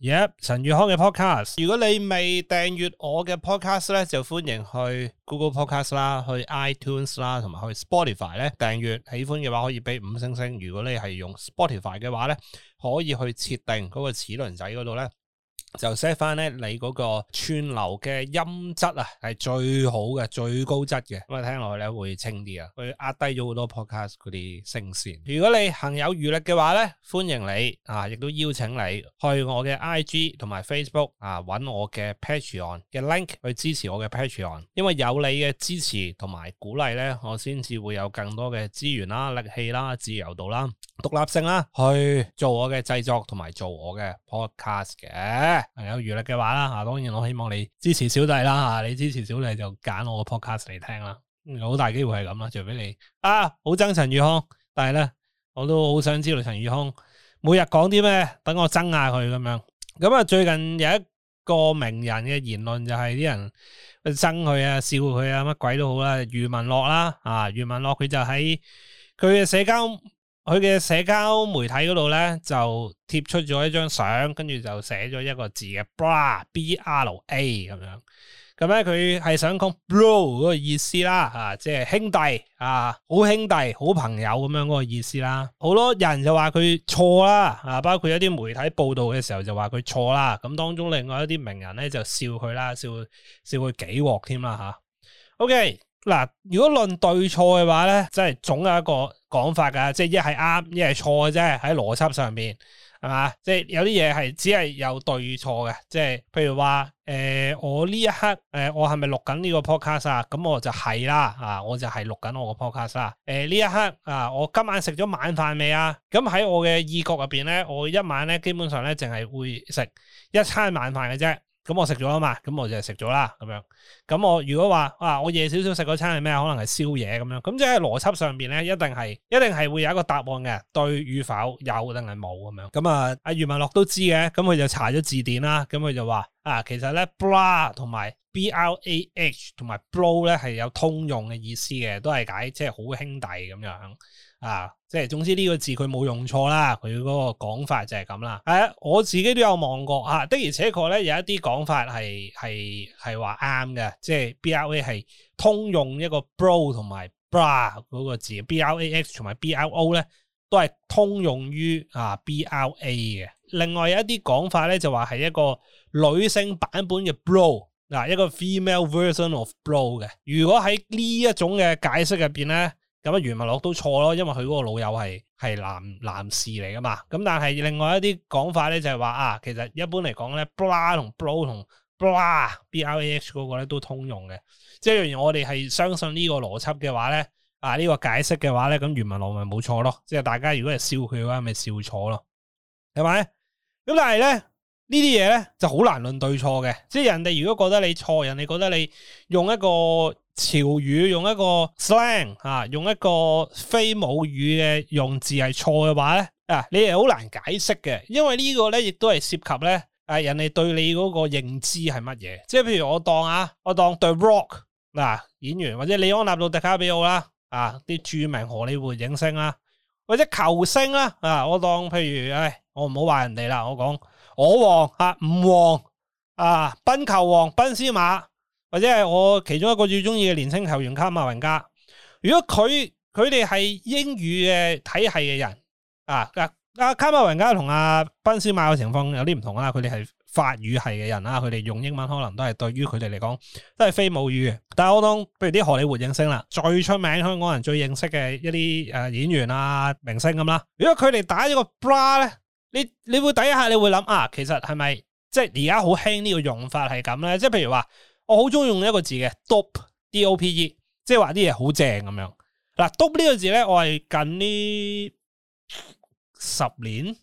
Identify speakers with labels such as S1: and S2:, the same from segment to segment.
S1: Yep，陳宇康嘅 podcast，如果你未訂閱我嘅 podcast 咧，就歡迎去 Google Podcast 啦，去 iTunes 啦，同埋去 Spotify 咧訂閱。喜歡嘅話可以俾五星星。如果你係用 Spotify 嘅話咧，可以去設定嗰個齒輪仔嗰度咧。就 set 翻咧，你嗰個串流嘅音質啊，係最好嘅最高質嘅，咁啊聽落去咧會清啲啊，會壓低咗好多 podcast 嗰啲聲線。如果你行有餘力嘅話咧，歡迎你啊，亦都邀請你去我嘅 IG 同埋 Facebook 啊，揾我嘅 Patreon 嘅 link 去支持我嘅 Patreon，因為有你嘅支持同埋鼓勵咧，我先至會有更多嘅資源啦、力氣啦、自由度啦。獨立性啦，去做我嘅製作同埋做我嘅 podcast 嘅。有餘力嘅話啦，啊，當然我希望你支持小弟啦，吓你支持小弟就揀我嘅 podcast 嚟聽啦，好大機會係咁啦，除非你啊，好憎陳宇康，但係咧，我都好想知道陳宇康每日講啲咩，等我憎下佢咁樣。咁、嗯、啊，最近有一個名人嘅言論就係啲人憎佢啊，笑佢啊，乜鬼都好啦，余文樂啦，啊，余文樂佢就喺佢嘅社交。佢嘅社交媒體嗰度咧，就貼出咗一張相，跟住就寫咗一個字嘅 b, LA, b r a b r a 咁樣，咁咧佢係想講 bro 嗰個意思啦，啊，即係兄弟啊，好兄弟，好朋友咁樣嗰個意思啦。好、啊、多人就話佢錯啦，啊，包括一啲媒體報導嘅時候就話佢錯啦。咁當中另外一啲名人咧就笑佢啦，笑笑佢幾鑊添啦嚇。OK。嗱，如果論對錯嘅話咧，即係總有一個講法噶，即係一係啱，一係錯嘅啫。喺邏輯上邊係嘛，即係有啲嘢係只係有對錯嘅，即係譬如話，誒、呃，我呢一刻，誒、呃，我係咪錄緊呢個 podcast 啊？咁我就係啦，啊，我就係錄緊我個 podcast 啊。誒、呃，呢一刻啊，我今晚食咗晚飯未啊？咁喺我嘅意覺入邊咧，我一晚咧基本上咧淨係會食一餐晚飯嘅啫。咁我食咗啊嘛，咁我就食咗啦，咁樣。咁我如果話啊，我夜少少食嗰餐係咩？可能係宵夜咁樣。咁即係邏輯上邊咧，一定係一定係會有一個答案嘅，對與否有定係冇咁樣。咁啊，阿余文樂都知嘅，咁佢就查咗字典啦。咁佢就話啊，其實咧，bra 同埋 b r a h 同埋 bro 咧係有通用嘅意思嘅，都係解即係好兄弟咁樣。啊，即係總之呢個字佢冇用錯啦，佢嗰個講法就係咁啦。係、啊、我自己都有望過吓、啊，的而且確咧有一啲講法係係係話啱嘅，即係 BRA 係通用一個 bro 同埋 bra 嗰個字，BRAH 同埋 BRO 咧都係通用於啊 BRA 嘅。另外有一啲講法咧就話係一個女性版本嘅 bro 嗱、啊、一個 female version of bro 嘅。如果喺呢一種嘅解釋入邊咧，咁啊，余文樂都錯咯，因為佢嗰個老友係係男男士嚟噶嘛。咁但係另外一啲講法咧就係、是、話啊，其實一般嚟講咧，bra 同 bro 同 bra b、b r a h 嗰個咧都通用嘅。即係如果我哋係相信呢個邏輯嘅話咧，啊呢、這個解釋嘅話咧，咁余文樂咪冇錯咯。即係大家如果係笑佢嘅話，咪笑錯咯，係咪？咁但係咧呢啲嘢咧就好難論對錯嘅。即係人哋如果覺得你錯，人哋覺得你用一個。潮語用一個 slang 啊，用一個非母語嘅用字係錯嘅話咧，啊，你係好難解釋嘅，因為個呢個咧亦都係涉及咧啊人哋對你嗰個認知係乜嘢？即係譬如我當啊，我當對 Rock 嗱、啊、演員，或者李安納度迪卡比奧啦啊啲著名荷里活影星啦、啊，或者球星啦啊，我當譬如唉、哎，我唔好話人哋啦，我講我王啊吳王啊賓球王賓斯馬。啊或者係我其中一個最中意嘅年輕球員卡馬文加，如果佢佢哋係英語嘅體系嘅人，啊啊卡馬文加、啊、同阿賓斯馬嘅情況有啲唔同啦，佢哋係法語系嘅人啦，佢哋用英文可能都係對於佢哋嚟講都係非母語。但係我當，譬如啲荷里活影星啦，最出名香港人最認識嘅一啲誒、呃、演員啊明星咁啦，如果佢哋打呢個 bra 咧，你你會第一下你會諗啊，其實係咪即係而家好興呢個用法係咁咧？即係譬如話。我好中意用一個字嘅，dope，d o p e，即係話啲嘢好正咁樣。嗱，dope 呢個字咧，我係近呢十年，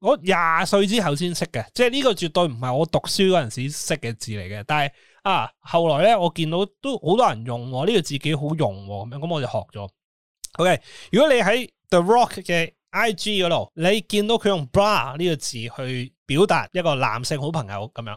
S1: 我廿歲之後先識嘅，即係呢個絕對唔係我讀書嗰陣時識嘅字嚟嘅。但係啊，後來咧我見到都好多人用呢、這個字，幾好用咁樣，咁我就學咗。OK，如果你喺 The Rock 嘅 IG 嗰度，你見到佢用 bra 呢個字去表達一個男性好朋友咁樣。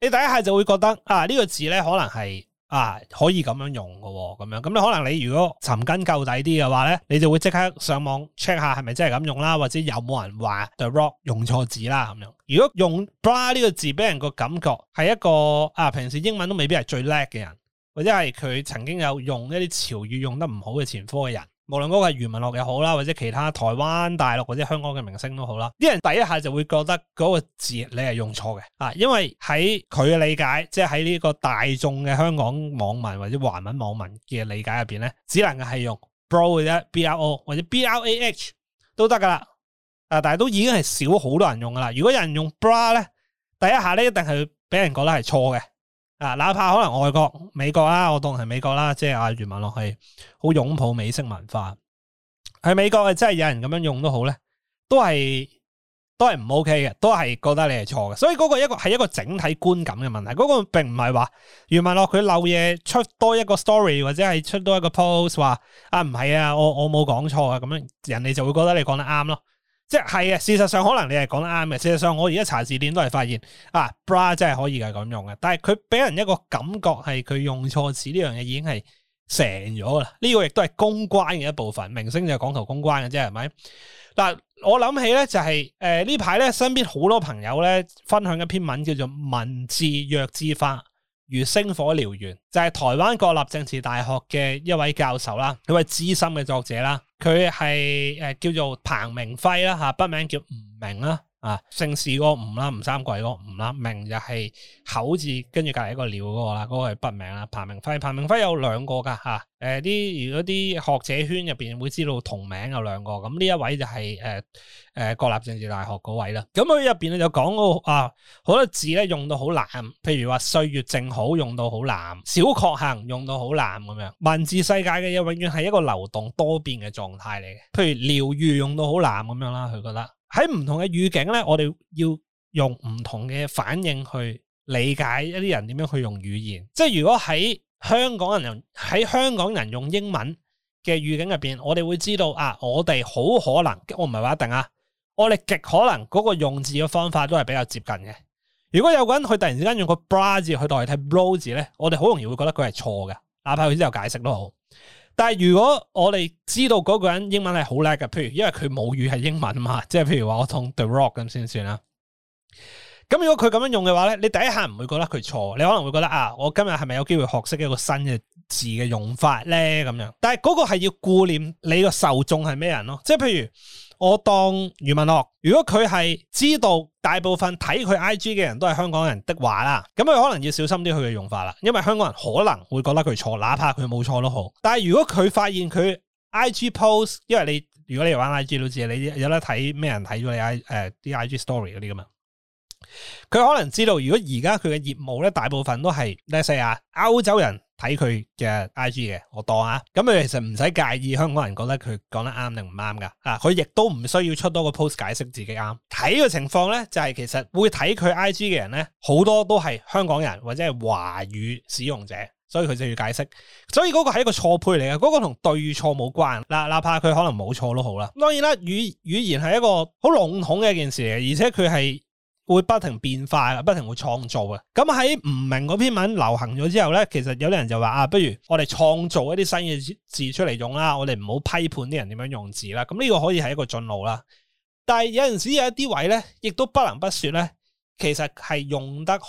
S1: 你第一下就會覺得啊呢、這個字咧可能係啊可以咁樣用嘅喎、哦，咁樣咁你可能你如果尋根究底啲嘅話咧，你就會即刻上網 check 下係咪真係咁用啦，或者有冇人話 the rock 用錯字啦咁樣。如果用 bra 呢個字俾人個感覺係一個啊，平時英文都未必係最叻嘅人，或者係佢曾經有用一啲潮語用得唔好嘅前科嘅人。無論嗰個係余文樂嘅好啦，或者其他台灣、大陸或者香港嘅明星都好啦，啲人第一下就會覺得嗰個字你係用錯嘅啊，因為喺佢嘅理解，即係喺呢個大眾嘅香港網民或者華文網民嘅理解入邊咧，只能係用 bro 嘅啫，bro 或者 brah 都得噶啦，啊，但係都已經係少好多人用噶啦，如果有人用 bra 咧，第一下咧一定係俾人覺得係錯嘅。啊，哪怕可能外國美國啦，我當係美國啦，即係阿余文樂係好擁抱美式文化，喺美國誒，真係有人咁樣用都好咧，都係都係唔 OK 嘅，都係覺得你係錯嘅，所以嗰個一個係一個整體觀感嘅問題，嗰、嗰個並唔係話余文樂佢漏嘢出多一個 story 或者係出多一個 post 話啊唔係啊，我我冇講錯啊，咁樣人哋就會覺得你講得啱咯。即係啊，事實上可能你係講得啱嘅。事實上我而家查字典都係發現啊，bra 真係可以係咁用嘅。但係佢俾人一個感覺係佢用錯字呢樣嘢已經係成咗啦。呢、這個亦都係公關嘅一部分，明星就係講求公關嘅啫，係咪？嗱、就是，我諗起咧就係誒呢排咧身邊好多朋友咧分享一篇文叫做文字弱智化。如星火燎原，就係、是、台灣國立政治大學嘅一位教授啦，佢係資深嘅作者啦，佢係叫做彭明輝啦，嚇筆名叫吳明啦。啊，姓氏個吳啦，吳三桂嗰個吳啦，名就係口字，跟住隔籬一個鳥嗰、那個啦，嗰、那個係筆名啦。彭明輝，彭明輝有兩個噶吓，誒啲如果啲學者圈入邊會知道同名有兩個，咁、嗯、呢一位就係誒誒國立政治大學嗰位啦。咁佢入邊咧就講到啊，好多字咧用到好濫，譬如話歲月正好用到好濫，小確幸用到好濫咁樣，文字世界嘅嘢永遠係一個流動多變嘅狀態嚟嘅，譬如療癒用到好濫咁樣啦，佢覺得。喺唔同嘅語境咧，我哋要用唔同嘅反應去理解一啲人點樣去用語言。即係如果喺香港人喺香港人用英文嘅語境入邊，我哋會知道啊，我哋好可能，我唔係話一定啊，我哋極可能嗰個用字嘅方法都係比較接近嘅。如果有個人佢突然之間用個 bra 字去代替 bro 字咧，我哋好容易會覺得佢係錯嘅，哪怕佢之後解釋都好。但係如果我哋知道嗰個人英文係好叻㗎，譬如因為佢母語係英文嘛，即係譬如話我同 The Rock 咁先算啦。咁如果佢咁樣用嘅話咧，你第一下唔會覺得佢錯，你可能會覺得啊，我今日係咪有機會學識一個新嘅字嘅用法咧咁樣，但係嗰個係要顧念你個受眾係咩人咯、啊？即係譬如我當余文樂，如果佢係知道大部分睇佢 IG 嘅人都係香港人的話啦，咁佢可能要小心啲佢嘅用法啦，因為香港人可能會覺得佢錯，哪怕佢冇錯都好。但係如果佢發現佢 IG post，因為你如果你玩 IG 都知，你有得睇咩人睇咗你 I 誒啲 IG story 嗰啲噶嘛，佢可能知道如果而家佢嘅業務咧大部分都係 let say 啊歐洲人。睇佢嘅 I G 嘅我當啊，咁佢其實唔使介意香港人覺得佢講得啱定唔啱噶，啊，佢亦都唔需要多出多個 post 解釋自己啱。睇嘅情況咧，就係、是、其實會睇佢 I G 嘅人咧，好多都係香港人或者係華語使用者，所以佢就要解釋。所以嗰個係一個錯配嚟嘅，嗰、那個同對與錯冇關。嗱，哪怕佢可能冇錯都好啦。當然啦，語語言係一個好籠統嘅一件事嚟嘅，而且佢係。會不停變化，不停會創造嘅。咁喺唔明嗰篇文流行咗之後咧，其實有啲人就話啊，不如我哋創造一啲新嘅字出嚟用啦，我哋唔好批判啲人點樣用字啦。咁、這、呢個可以係一個進路啦。但係有陣時有一啲位咧，亦都不能不說咧，其實係用得好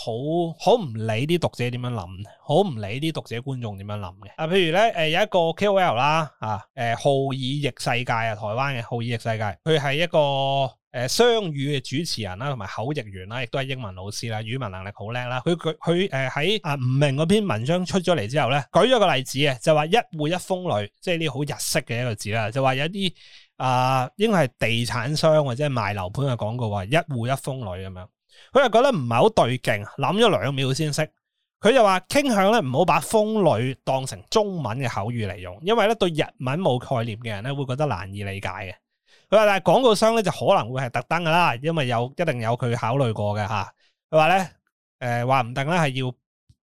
S1: 好唔理啲讀者點樣諗，好唔理啲讀者觀眾點樣諗嘅。啊，譬如咧，誒、呃、有一個 KOL 啦，啊，誒浩爾譯世界啊，台灣嘅浩爾譯世界，佢係一個。誒，雙語嘅主持人啦，同埋口譯員啦，亦都係英文老師啦，語文能力好叻啦。佢佢佢誒喺啊吳明嗰篇文章出咗嚟之後咧，舉咗個例子啊，就話一戶一風呂，即係呢好日式嘅一個字啦。就話有啲啊、呃，應該係地產商或者賣樓盤嘅廣告話一戶一風呂咁樣，佢又覺得唔係好對勁，諗咗兩秒先識。佢就話傾向咧唔好把風呂當成中文嘅口語嚟用，因為咧對日文冇概念嘅人咧會覺得難以理解嘅。佢話但係廣告商咧就可能會係特登噶啦，因為有一定有佢考慮過嘅吓。佢話咧，誒話唔定咧係要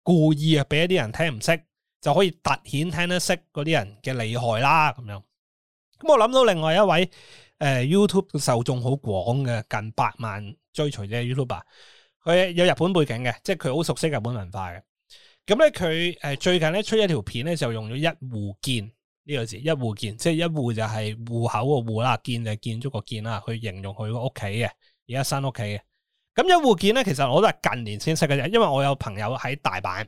S1: 故意啊俾一啲人聽唔識，就可以突顯聽得識嗰啲人嘅厲害啦咁樣。咁、嗯、我諗到另外一位誒、呃、YouTube 嘅受眾好廣嘅近百萬追隨嘅 YouTuber，佢有日本背景嘅，即係佢好熟悉日本文化嘅。咁咧佢誒最近咧出一條片咧就用咗一戶建。呢個字一戶建，即係一戶就係戶口個戶啦，建就係建築個建啦，去形容佢個屋企嘅，而家新屋企嘅。咁一戶建咧，其實我都係近年先識嘅，因為我有朋友喺大阪，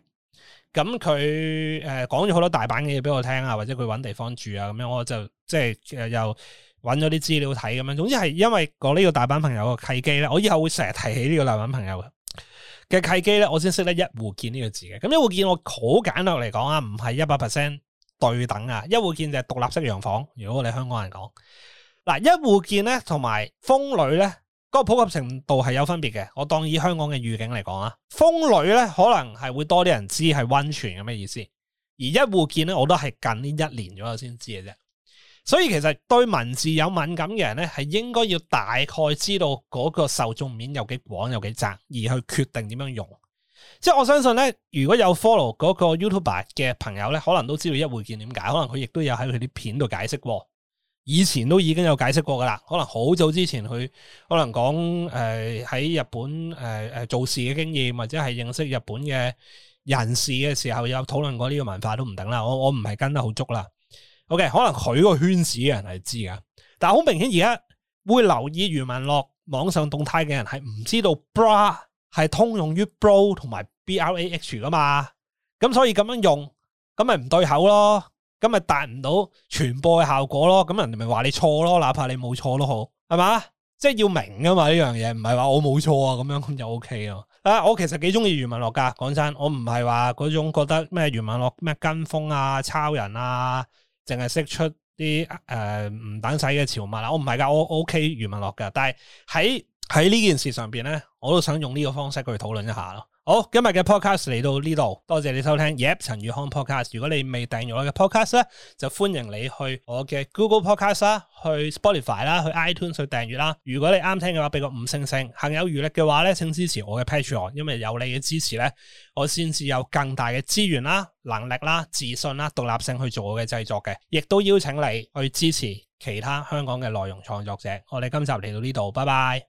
S1: 咁佢誒講咗好多大阪嘅嘢俾我聽啊，或者佢搵地方住啊，咁樣我就即係又搵咗啲資料睇咁樣。總之係因為講呢個大阪朋友個契機咧，我以後會成日提起呢個大阪朋友嘅契機咧，我先識得一戶建呢個字嘅。咁一戶建我好簡略嚟講啊，唔係一百 percent。對等啊，一戶建就係獨立式洋房。如果我哋香港人講，嗱，一戶建咧同埋風呂咧，嗰個普及程度係有分別嘅。我當以香港嘅語境嚟講啊，風呂咧可能係會多啲人知係溫泉嘅咩意思？而一戶建咧，我都係近呢一年左右先知嘅啫。所以其實對文字有敏感嘅人咧，係應該要大概知道嗰個受眾面有幾廣有幾窄，而去決定點樣用。即係我相信咧，如果有 follow 嗰個 YouTuber 嘅朋友咧，可能都知道一會見點解，可能佢亦都有喺佢啲片度解釋過。以前都已經有解釋過噶啦，可能好早之前佢可能講誒喺日本誒誒、呃、做事嘅經驗，或者係認識日本嘅人士嘅時候有討論過呢個文化都唔定啦。我我唔係跟得好足啦。OK，可能佢個圈子嘅人係知噶，但係好明顯而家會留意余文樂網上動態嘅人係唔知道 bra，係通用於 bro 同埋 brah 噶嘛，咁所以咁樣用，咁咪唔對口咯，咁咪達唔到傳播嘅效果咯，咁人哋咪話你錯咯，哪怕你冇錯都好，係嘛？即係要明噶嘛呢樣嘢，唔係話我冇錯啊，咁樣咁就 O K 咯。啊，我其實幾中意余文樂噶，講真，我唔係話嗰種覺得咩余文樂咩跟風啊、抄人啊，淨係識出啲誒唔等使嘅潮物啦，我唔係噶，我 O K 余文樂噶，但係喺。喺呢件事上邊咧，我都想用呢個方式去討論一下咯。好，今日嘅 podcast 嚟到呢度，多謝你收聽。Yep，陳宇康 podcast。如果你未訂閱我嘅 podcast 咧，就歡迎你去我嘅 Google podcast 啦，去 Spotify 啦，去 iTunes 去訂閱啦。如果你啱聽嘅話，俾個五星星。行有餘力嘅話咧，請支持我嘅 Patreon，因為有你嘅支持咧，我先至有更大嘅資源啦、能力啦、自信啦、獨立性去做我嘅製作嘅。亦都邀請你去支持其他香港嘅內容創作者。我哋今集嚟到呢度，拜拜。